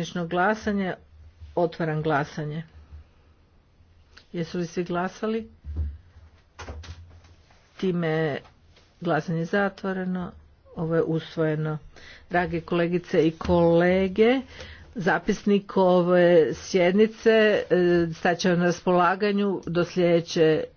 poimenično glasanje. Otvaram glasanje. Jesu li svi glasali? Time je glasanje zatvoreno. Ovo je usvojeno. Drage kolegice i kolege, zapisnik ove sjednice e, staće na raspolaganju do sljedeće